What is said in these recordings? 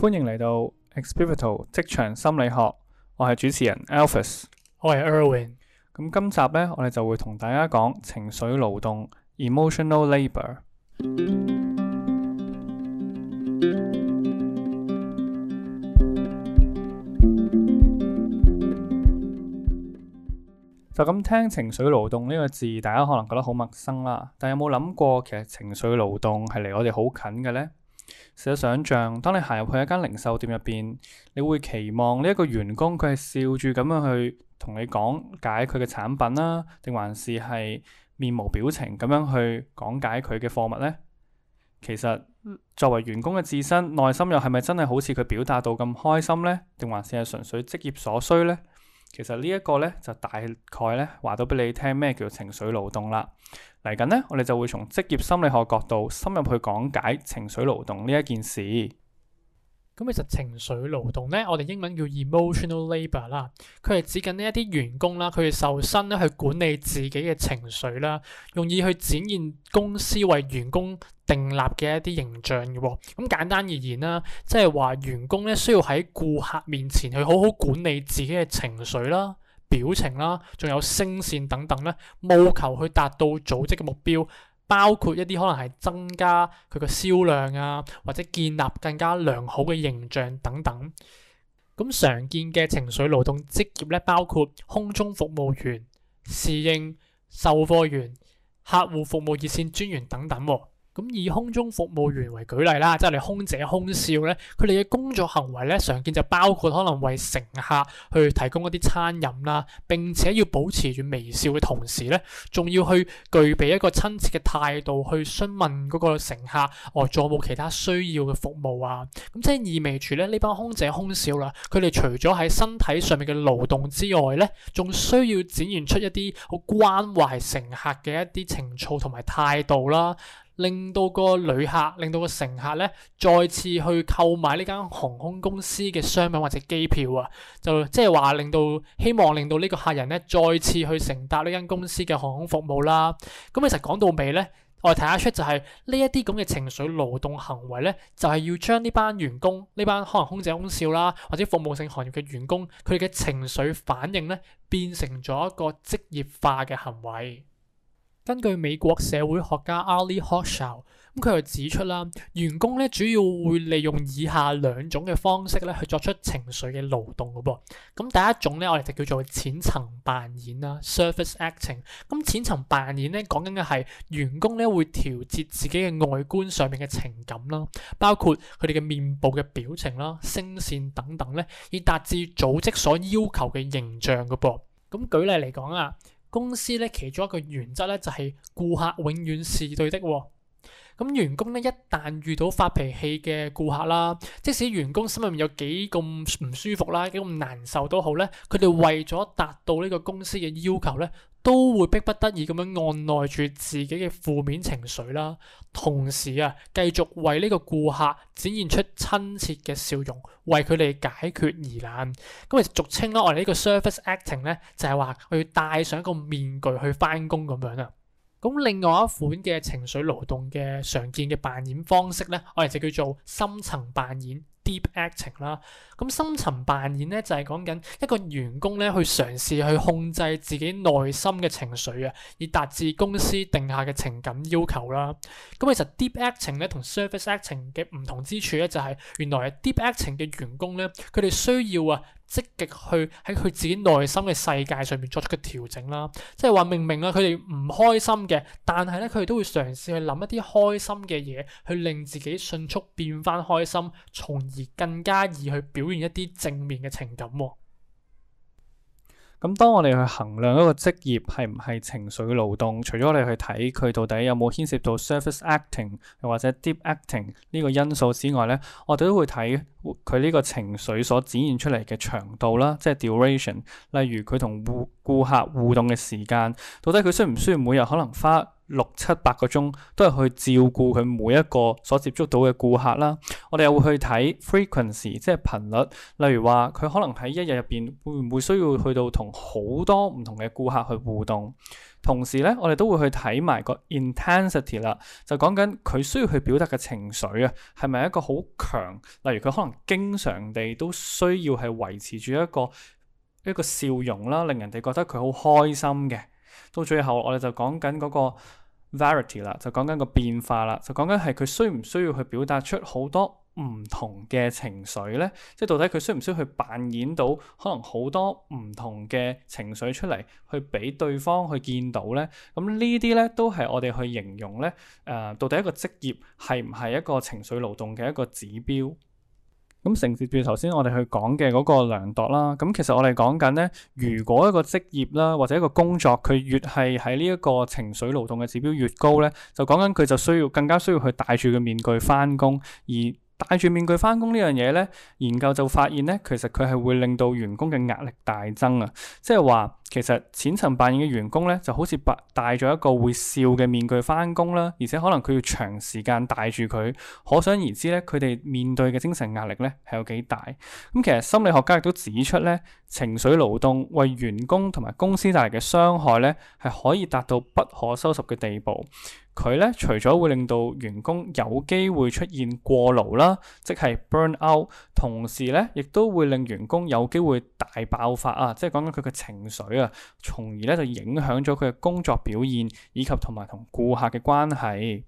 歡迎嚟到 Experivital 職場心理學，我係主持人 Alphas，我係 Erwin。咁今集呢，我哋就會同大家講情緒勞動 （emotional labour）。Em 就咁聽情緒勞動呢個字，大家可能覺得好陌生啦。但有冇諗過，其實情緒勞動係離我哋好近嘅呢？試想象，當你行入去一間零售店入邊，你會期望呢一個員工佢係笑住咁樣去同你講解佢嘅產品啦、啊，定還是係面無表情咁樣去講解佢嘅貨物呢？其實作為員工嘅自身內心又係咪真係好似佢表達到咁開心呢？定還是係純粹職業所需呢？其實呢一個咧就大概咧話到俾你聽咩叫情緒勞動啦。嚟緊咧我哋就會從職業心理學角度深入去講解情緒勞動呢一件事。咁其實情緒勞動咧，我哋英文叫 emotional labour 啦，佢係指緊呢一啲員工啦，佢哋受薪咧去管理自己嘅情緒啦，用以去展現公司為員工訂立嘅一啲形象嘅喎。咁簡單而言啦，即係話員工咧需要喺顧客面前去好好管理自己嘅情緒啦、表情啦，仲有聲線等等啦，務求去達到組織嘅目標。包括一啲可能係增加佢個銷量啊，或者建立更加良好嘅形象等等。咁常見嘅情緒勞動職業咧，包括空中服務員、侍應、售貨員、客戶服務熱線專員等等喎啊。咁以空中服務員為舉例啦，即係你空姐、空少咧，佢哋嘅工作行為咧，常見就包括可能為乘客去提供一啲餐飲啦，並且要保持住微笑嘅同時咧，仲要去具備一個親切嘅態度去詢問嗰個乘客，哦，仲有冇其他需要嘅服務啊？咁即係意味住咧，呢班空姐、空少啦，佢哋除咗喺身體上面嘅勞動之外咧，仲需要展現出一啲好關懷乘客嘅一啲情操同埋態度啦。令到個旅客、令到個乘客咧，客再次去購買呢間航空公司嘅商品或者機票啊，就即係話令到希望令到呢個客人咧，再次去乘搭呢間公司嘅航空服務啦。咁其實講到尾咧，我哋睇得出就係呢一啲咁嘅情緒勞動行為咧，就係、是、要將呢班員工、呢班可能空姐、空少啦，或者服務性行業嘅員工，佢嘅情緒反應咧，變成咗一個職業化嘅行為。根據美國社會學家 Arlie Hochschild 咁佢又指出啦，員工咧主要會利用以下兩種嘅方式咧去作出情緒嘅勞動嘅噃。咁第一種咧，我哋就叫做淺層扮演啦 （surface acting）。咁淺層扮演咧，講緊嘅係員工咧會調節自己嘅外觀上面嘅情感啦，包括佢哋嘅面部嘅表情啦、聲線等等咧，以達至組織所要求嘅形象嘅噃。咁舉例嚟講啊。公司咧其中一個原則咧就係顧客永遠是對的喎。咁員工咧一旦遇到發脾氣嘅顧客啦，即使員工心入面有幾咁唔舒服啦，幾咁難受都好咧，佢哋為咗達到呢個公司嘅要求咧。都會逼不得已咁樣按耐住自己嘅負面情緒啦，同時啊繼續為呢個顧客展現出親切嘅笑容，為佢哋解決疑難。咁啊俗稱啦，我哋呢個 surface acting 咧就係話，我要戴上一個面具去翻工咁樣啦。咁另外一款嘅情緒勞動嘅常見嘅扮演方式咧，我哋就叫做深層扮演。Deep acting 啦，咁深層扮演咧就係講緊一個員工咧去嘗試去控制自己內心嘅情緒啊，以達至公司定下嘅情感要求啦。咁其實 deep acting 咧同 surface acting 嘅唔同之處咧就係原來係 deep acting 嘅員工咧，佢哋需要啊。積極去喺佢自己內心嘅世界上面作出嘅調整啦，即係話明明啊，佢哋唔開心嘅，但係咧，佢哋都會嘗試去諗一啲開心嘅嘢，去令自己迅速變返開心，從而更加易去表現一啲正面嘅情感喎、哦。咁當我哋去衡量一個職業係唔係情緒勞動，除咗我哋去睇佢到底有冇牽涉到 surface acting 又或者 deep acting 呢個因素之外咧，我哋都會睇佢呢個情緒所展現出嚟嘅長度啦，即係 duration。例如佢同顧顧客互動嘅時間，到底佢需唔需要每日可能花六七八個鐘都係去照顧佢每一個所接觸到嘅顧客啦。我哋又會去睇 frequency，即係頻率。例如話佢可能喺一日入邊會唔會需要去到同好多唔同嘅顧客去互動？同時咧，我哋都會去睇埋個 intensity 啦，就講緊佢需要去表達嘅情緒啊，係咪一個好強？例如佢可能經常地都需要係維持住一個一個笑容啦，令人哋覺得佢好開心嘅。到最後，我哋就講緊嗰個 variety 啦，就講緊個變化啦，就講緊係佢需唔需要去表達出好多唔同嘅情緒咧？即係到底佢需唔需要去扮演到可能好多唔同嘅情緒出嚟，去俾對方去見到咧？咁、嗯、呢啲咧都係我哋去形容咧，誒、呃，到底一個職業係唔係一個情緒勞動嘅一個指標？咁承接住如頭先我哋去講嘅嗰個量度啦，咁、嗯、其實我哋講緊咧，如果一個職業啦或者一個工作，佢越係喺呢一個情緒勞動嘅指標越高咧，就講緊佢就需要更加需要去戴住個面具翻工，而，戴住面具翻工呢樣嘢呢，研究就發現呢，其實佢係會令到員工嘅壓力大增啊！即係話，其實淺層扮演嘅員工呢，就好似白戴咗一個會笑嘅面具翻工啦，而且可能佢要長時間戴住佢，可想而知呢，佢哋面對嘅精神壓力呢係有幾大。咁、嗯、其實心理學家亦都指出呢，情緒勞動為員工同埋公司帶嚟嘅傷害呢，係可以達到不可收拾嘅地步。佢咧除咗會令到員工有機會出現過勞啦，即係 burn out，同時咧亦都會令員工有機會大爆發啊！即係講緊佢嘅情緒啊，從而咧就影響咗佢嘅工作表現以及同埋同顧客嘅關係。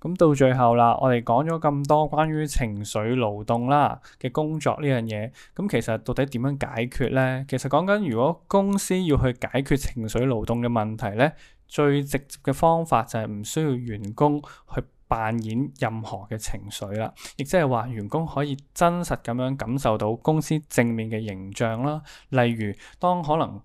咁、嗯、到最後啦，我哋講咗咁多關於情緒勞動啦嘅工作呢樣嘢，咁其實到底點樣解決呢？其實講緊如果公司要去解決情緒勞動嘅問題呢。最直接嘅方法就係唔需要員工去扮演任何嘅情緒啦，亦即係話員工可以真實咁樣感受到公司正面嘅形象啦。例如，當可能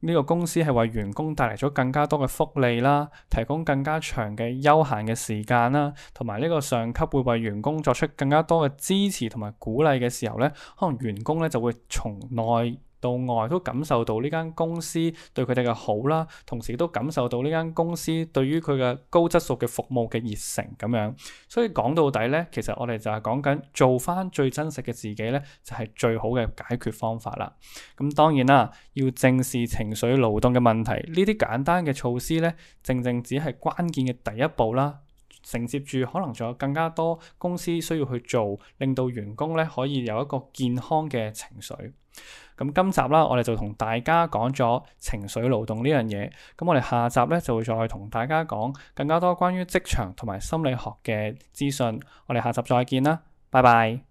呢個公司係為員工帶嚟咗更加多嘅福利啦，提供更加長嘅休閒嘅時間啦，同埋呢個上級會為員工作出更加多嘅支持同埋鼓勵嘅時候呢，可能員工呢就會從內到外都感受到呢間公司對佢哋嘅好啦，同時都感受到呢間公司對於佢嘅高質素嘅服務嘅熱誠咁樣。所以講到底咧，其實我哋就係講緊做返最真實嘅自己咧，就係最好嘅解決方法啦。咁當然啦，要正視情緒勞動嘅問題，呢啲簡單嘅措施咧，正正只係關鍵嘅第一步啦。承接住，可能仲有更加多公司需要去做，令到員工咧可以有一個健康嘅情緒。咁今集啦，我哋就同大家講咗情緒勞動呢樣嘢。咁我哋下集咧就會再同大家講更加多關於職場同埋心理學嘅資訊。我哋下集再見啦，拜拜。